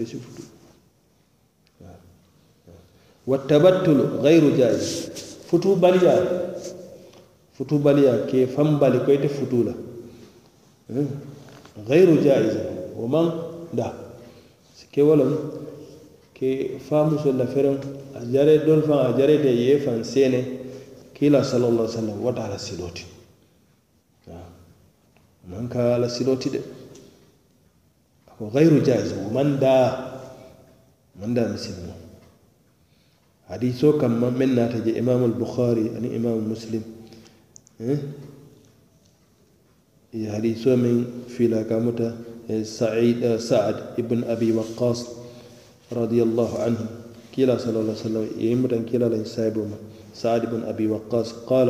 sai shi fito wattabattul ghairu jaiz futu baliya futu baliya ke bali fambali ko ita la ghairu jaiz wa man da ke walam ke famuso la feren a jare don fan a jare de ye fan sene kila sallallahu alaihi wasallam wata ala siloti man ka ala siloti de وغير جائز ومن دا من دا مسلم حديثه كم من ناتج إمام البخاري أن يعني إمام مسلم إيه؟, إيه حديثو من في لاكامتا إيه سعيد آه سعد ابن أبي وقاص رضي الله عنه كلا صلى الله عليه وسلم يمتن إيه كلا لن سعد بن أبي وقاص قال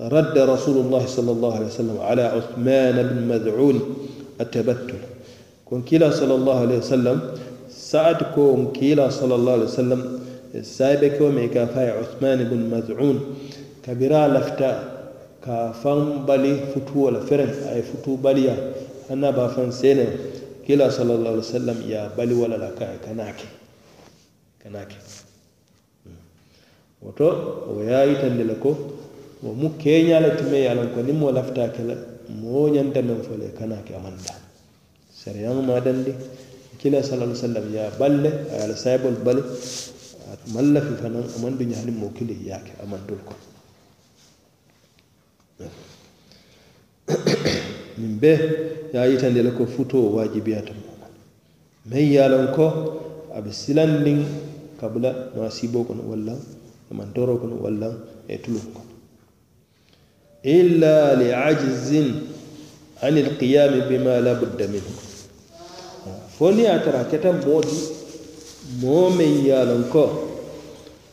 رد رسول الله صلى الله عليه وسلم على عثمان بن مذعون التبتل kon kiila salallahu alayhi wa sallam sa'at ko on kiila salallahu alayhi wa sallam e saybe ko me ka fay usman ibn maz'un kabira lafta ka fam bali futu wala fere ay futu baliya anna ba fam sene kila sallallahu alaihi wasallam ya bali wala la ka kanake kanake hmm. woto o ya itan dela ko o mu kenya la tume ya lan ko nimmo lafta kala mo nyanta men fole kanake amanda sariyan ma dandi kila sallallahu sallam ya balle ala saibol balle malla fi fanan aman dunya halin mokili yake aman dulko min be ya yi tan dela ko futo wajibi ata mo men yalan ko abi silandin kabla ma sibo ko wallan aman doro ko wallan e, e tulunko illa li ajzin an al qiyam bima la budda minhu foni atara keta boodi momen yalon ko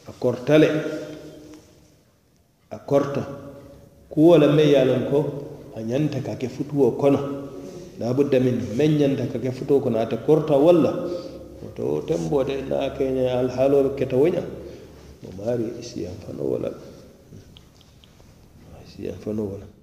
a kortale a korta kuwola me yalon ko a ñanta kake futuwo kono labudda min men ñanta kake futuwo kono ata korta walla oto tembode na keña alhaaloɓe keta woña mo maari siyan fanowolal siyan fanowolal